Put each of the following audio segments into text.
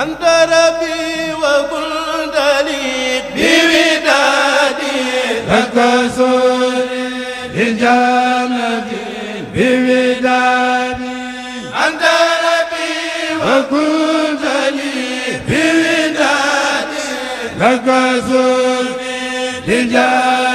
anta rabbi wa kunta li bi widaadi rakasuni bil jannati bi widaadi anta rabbi wa kunta li bi widaadi rakasuni bil jannati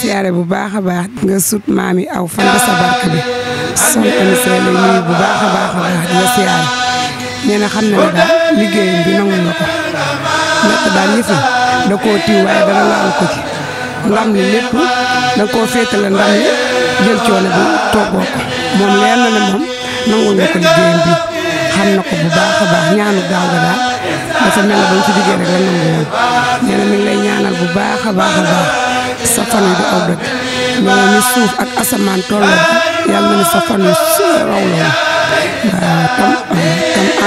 siyaare bu baax a baax nga sut maam yi aw fan ba sa barke bi son émissaire lay nuyu bu baax a baax a baax di siyaare nee xam na ne daal liggéeyam bi nangu na ko nekk daal yëfi da koo tiw waaye dara laal ko ci ndam li lépp da koo féetale ndam li jël coono bi toggoo ko moom leer ne moom nangu na ko liggéeyam bi xam na ko bu baax a baax ñaanu gaaw daal dafa mel ne ba mu fi jógee rek la nangu woon nee lay ñaanal bu baax a baax sa fan wi du aw doj nee ni suuf ak asamaan tolloo yàlla na sa fan wi raw la woon tam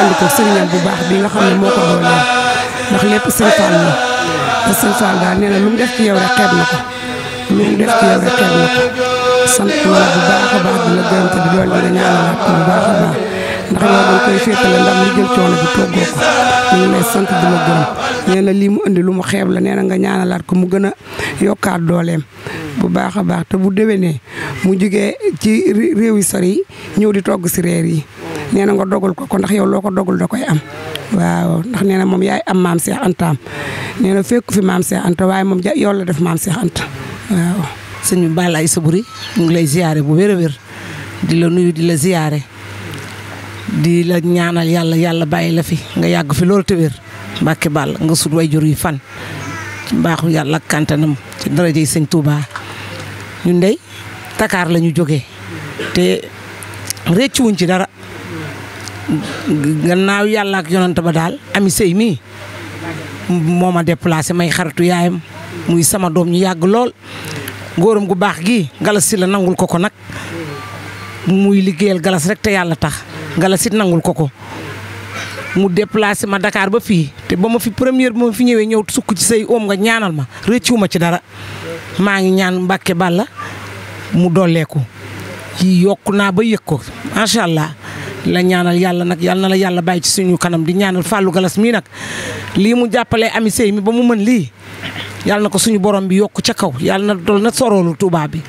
ànd ko sëriñam bu baax bi nga xam ne moo ko dooleel ndax lépp sëñ Fall la te sëñ Fall daal nee na lu mu def ci yow rek xeeb na ko def ci yow rek xeeb na ko sant bu baax a baax di la gërëm te di dool di la ñaanalaat bu baax a ndax yow koy féetale ndam li jël coono ñu ngi lay na lii mu indi lu mu xeeb la nee na nga laat ko mu gën a yokkaat dooleem bu baax a baax te bu déwénee mu jugee ci réew yi sori ñëw di togg si reer yi nee na nga dogal ko ko ndax yow loo ko dogal da koy am waaw ndax nee na moom yaay am maam Cheikh Antaam na fekk fi maam Cheikh Anta waaye moom yow la def maam Cheikh Anta waaw. sëñ bi Balla Aïssa Boury mu ngi lay ziyaare bu wér a wér di la nuyu di la ziyaare. di la ñaanal yàlla yàlla bàyyi la fi nga yàgg fi loolu te wér Bàll nga sut way jur yi fan mbaaxu yàlla ak kàntanam ci daraja yi sëñ Touba ñun dey takaar la ñu jógee te réccuwuñ ci dara gannaaw yàlla ak yonanta ba daal ami sëy mii moo ma déplacé may xaritu yaayam muy sama doom ñu yàgg lool góoram gu baax gi galas si la nangul ko ko nag muy liggéeyal galas rek te yàlla tax Ngalasit nangul ko ko mu déplacé ma dakaar ba fii te ba ma fi première ba ma fi ñëwee ñëw sukk ci say oom nga ñaanal ma ma ci dara maa ngi ñaan Mbàkke Bàlla mu dolleeku yi yokku naa ba yëg ko macha allah la ñaanal yàlla nag yàlla na la yàlla bàyyi ci suñu kanam di ñaanal Fallou Galas mii nag lii mu jàppalee Ami Sey mi ba mu mën lii yàlla na ko suñu borom bi yokk ca kaw yàlla na dool na soroolu Tuubaa bi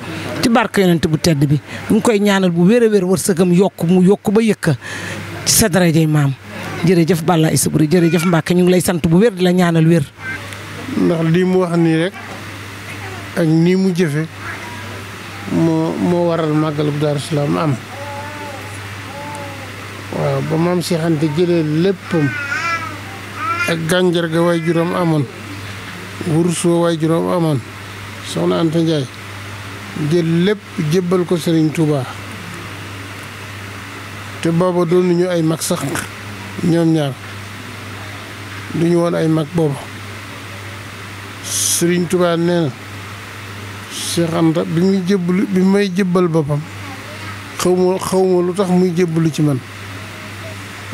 ci barke yonent bu tedd bi ñu ngi koy ñaanal bu wér a wér wërsëgam yokk mu yokk ba yëkka ci sa darajay maam jërëjëf Balla Issa Boury jërëjëf Mbacke ñu ngi lay sant bu wér di la ñaanal wér. ndax lii mu wax nii rek ak nii mu jëfe moo waral màggal bu Daaru am waaw ba maam Cheikh Anta jëlee léppam ak gànjar ga waay juróom amoon wurus wa juróom amoon soxna Anta Ndiaye. jël lépp jébbal ko Serigne Touba te booba doonu ñu ay mag sax ñoom ñaar ñu woon ay mag booba Serigne Touba nee na Cheikh bi muy jébbalu bi may jébbal boppam xaw ma xaw ma lu tax muy jébbalu ci man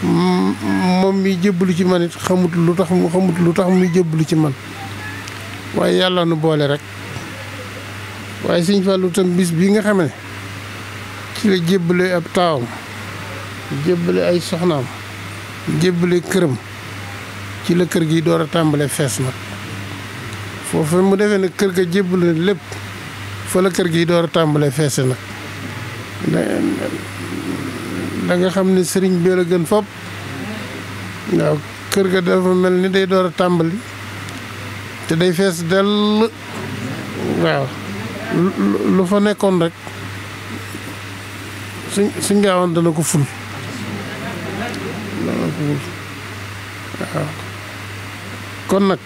moom mi jébbalu ci man it xamut lu tax mu lu tax muy jébbalu ci man waaye yàlla nu boole rek. waaye sëñ Fallou tam bis bii nga xam ne ci la jébbale ab taawam jébbale ay soxnaam jébbale këram ci la kër gi door a tàmbale fees nag foofu mu defee ne kër ga jébbale lépp fa la kër gi door a tàmbale feese nag da nga xam ne sëriñ bi la gën fopp waaw kër ga dafa mel ni day door a tàmbali te day fees dell waaw lu fa nekkoon rek suñ suñ gaawaan dana ko ful dana kon nag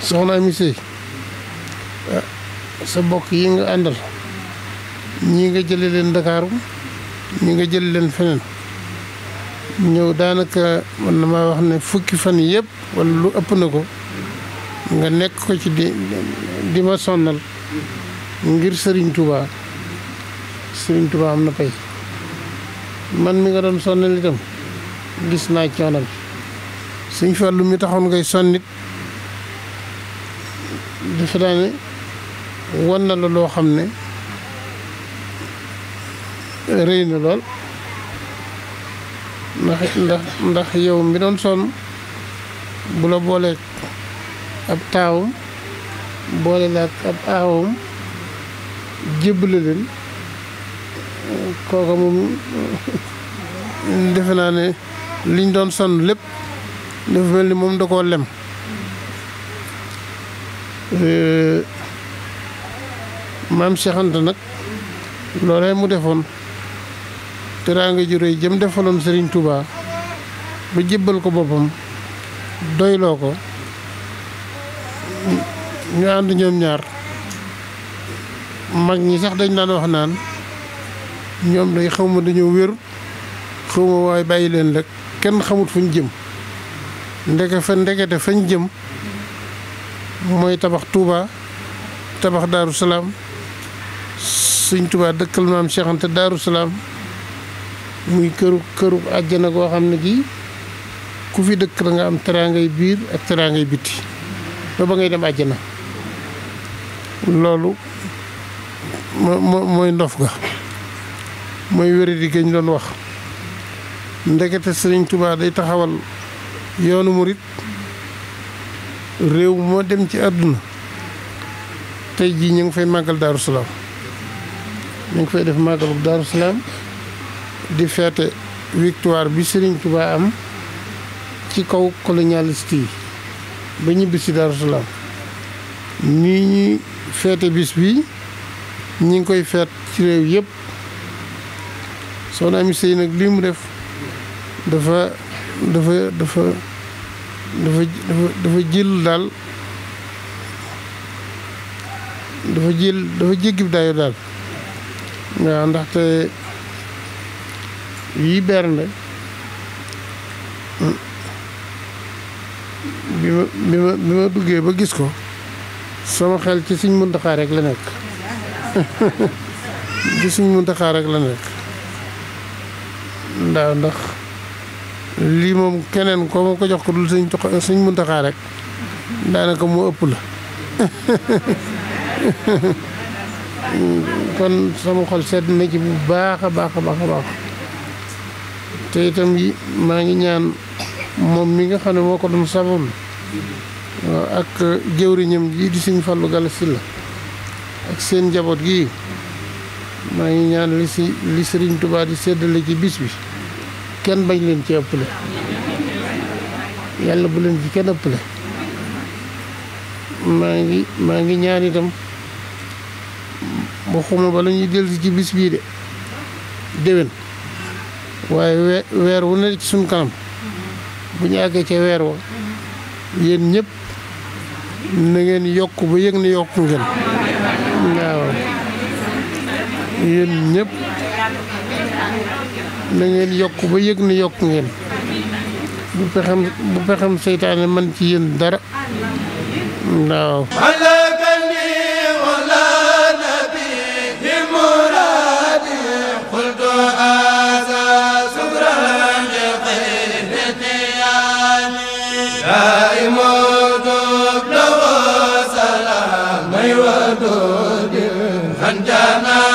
soxna Amy Seye eh, sa bokk yi nga àndal ñii nga jële leen Ndakaaru ñii nga jële leen feneen ñëw daanaka man na maa wax ne fukki fan yëpp wala lu ëpp na ko nga nekk ko ci di di ma sonnal ngir sëriñ tubaa sëriñ Touba am na pay man mi nga doon sonnal itam gis naa coono bi sëñ Fallu mi taxoon ngay sonnit defe naa ne wan na la loo xam ne rëy na lool ndax ndax ndax yow mi doon sonn bu la boolee ab taawum boole la ak ab aawam jébbale leen kooka moom defe naa ne liñ doon sonn lépp dafa mel ni moom da koo lem maam Cheikh nag loolee mu defoon teraanga ju réy jëm defaloon Serigne Touba ba jébbal ko boppam doyloo ko ñu ànd ñoom ñaar mag ñi sax dañ daan wax naan ñoom day xawma dañoo wér xawma waaye bàyyi leen rek kenn xamut fuñ jëm ndeke fa ndekete fañ jëm mooy tabax Touba tabax Daaru Salaam suñ Touba dëkkal maam Cheikh Anta Daaru Salaam muy këru këru àjjana goo xam ne gi ku fi dëkk da nga am teraangay biir ak teraangay biti ba ba ngay dem àjjana loolu moo mooy ndof ga mooy wéradi gañ doon wax ndegete sëriñ Tuubaa day taxawal yoonu murit réew moo dem ci àdduna tey jii ñu ngi fay màggal Daaru Salaam ngi fay def màggalu Daaru di feete victoire bi sëriñ Tuubaa am ci kaw colonialiste yi ba ñibbi si Daaru Salaam ñuy feete bis bi ñu ngi koy feet ci réew yëpp Soxna Ami Sëy nag lii mu def dafa dafa dafa dafa dafa dafa jël daal dafa jël dafa jéggib daayo daal waaw ndaxte yi bernde bi ma bi ma bi ma duggee ba gis ko sama xel ci Sëñ Muntaxaa rek la nekk ci Sëñ Muntaxaa rek la nekk ndaa ndax lii moom keneen ko ma ko jox ko dul Sëñ Sëñ Muntaxaa rek daanaka moo ëpp la kon sama xol sedd na ci bu baax a baax a baax a baax te itam yi maa ngi ñaan moom mi nga xam ne moo ko doon saboon ak jëwriñam ji di Sëñ Fallou Galass Sylla ak seen njaboot gi maa ngi ñaan li si li Sëriñ Tuubaa di séddale ci bis bi kenn bañ leen ci ëppale yàlla bu leen ci kenn le maa ngi maa ngi ñaan itam waxuma ba la ñuy ci bis bii de déwén waaye weer wu ne ci suñ bu ñu àggee ca weer wa yéen ñëpp na ngeen yokk ba yëg yokk ngeen waaw yéen ñëpp na ngeen yokk ba yëg yokk ngeen bu pexem bu seytaane man ci yéen dara waaw Anjana